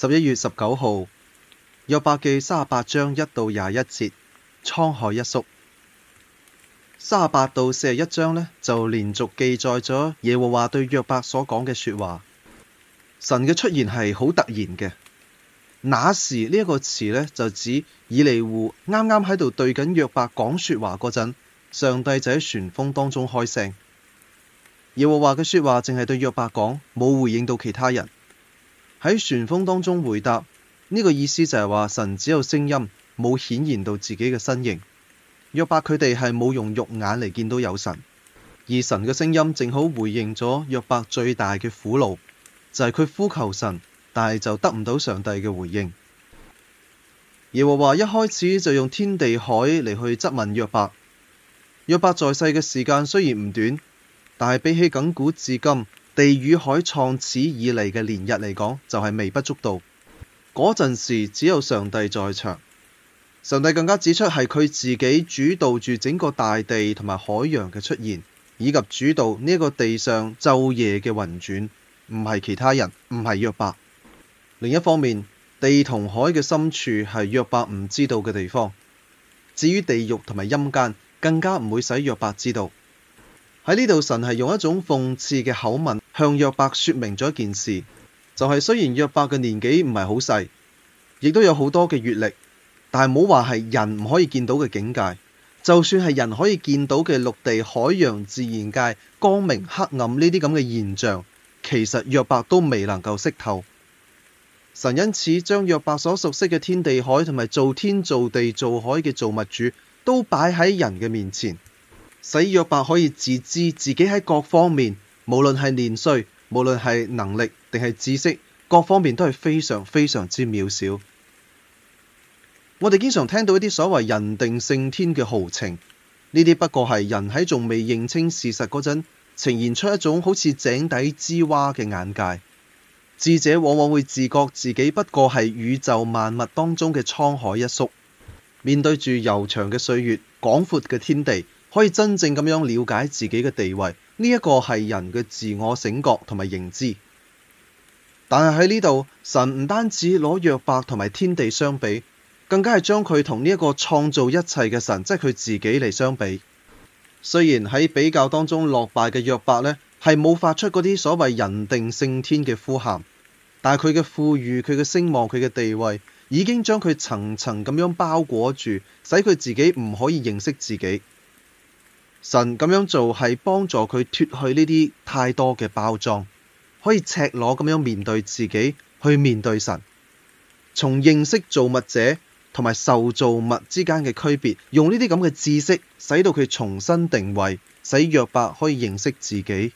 十一月十九號，約伯記三十八章一到廿一節，滄海一粟。三十八到四十一章呢，就連續記載咗耶和華對約伯所講嘅說話。神嘅出現係好突然嘅。那時呢一個詞呢，就指以利戶啱啱喺度對緊約伯講說話嗰陣，上帝就喺旋風當中開聲。耶和華嘅說話淨係對約伯講，冇回應到其他人。喺旋風當中回答呢、這個意思就係話，神只有聲音，冇顯現到自己嘅身形。約伯佢哋係冇用肉眼嚟，見到有神，而神嘅聲音正好回應咗約伯最大嘅苦路苦惱，就係、是、佢呼求神，但係就得唔到上帝嘅回應。耶和華一開始就用天地海嚟，去質問約伯。約伯在世嘅時間雖然唔短，但係比起亙古至今，地與海創始以嚟嘅年日嚟講，就係、是、微不足道。嗰陣時只有上帝在場，上帝更加指出係佢自己主導住整個大地同埋海洋嘅出現，以及主導呢個地上晝夜嘅運轉，唔係其他人，唔係約伯。另一方面，地同海嘅深處係約伯唔知道嘅地方。至於地獄同埋陰間，更加唔會使約伯知道。喺呢度，神係用一種諷刺嘅口吻向約伯說明咗一件事，就係雖然約伯嘅年紀唔係好細，亦都有好多嘅閱歷，但係冇話係人唔可以見到嘅境界。就算係人可以見到嘅陸地、海洋、自然界、光明、黑暗呢啲咁嘅現象，其實約伯都未能夠識透。神因此將約伯所熟悉嘅天地海同埋做天做地做海嘅造物主，都擺喺人嘅面前。使約伯可以自知自己喺各方面，無論係年歲，無論係能力定係知識，各方面都係非常非常之渺小。我哋經常聽到一啲所謂人定勝天嘅豪情，呢啲不過係人喺仲未認清事實嗰陣，呈現出一種好似井底之蛙嘅眼界。智者往往會自覺自己不過係宇宙萬物當中嘅滄海一粟，面對住悠長嘅歲月、廣闊嘅天地，可以真正咁樣了解自己嘅地位，呢一個係人嘅自我醒覺同埋認知。但係喺呢度，神唔單止攞約伯同埋天地相比，更加係將佢同呢一個創造一切嘅神，即係佢自己嚟相比。雖然喺比較當中落敗嘅約伯呢，係冇發出嗰啲所謂人定勝天嘅呼喊，但係佢嘅富裕、佢嘅聲望、佢嘅地位，已經將佢層層咁樣包裹住，使佢自己唔可以認識自己。神咁樣做係幫助佢脫去呢啲太多嘅包裝，可以赤裸咁樣面對自己，去面對神。從認識造物者同埋受造物之間嘅區別，用呢啲咁嘅知識，使到佢重新定位，使約伯可以認識自己。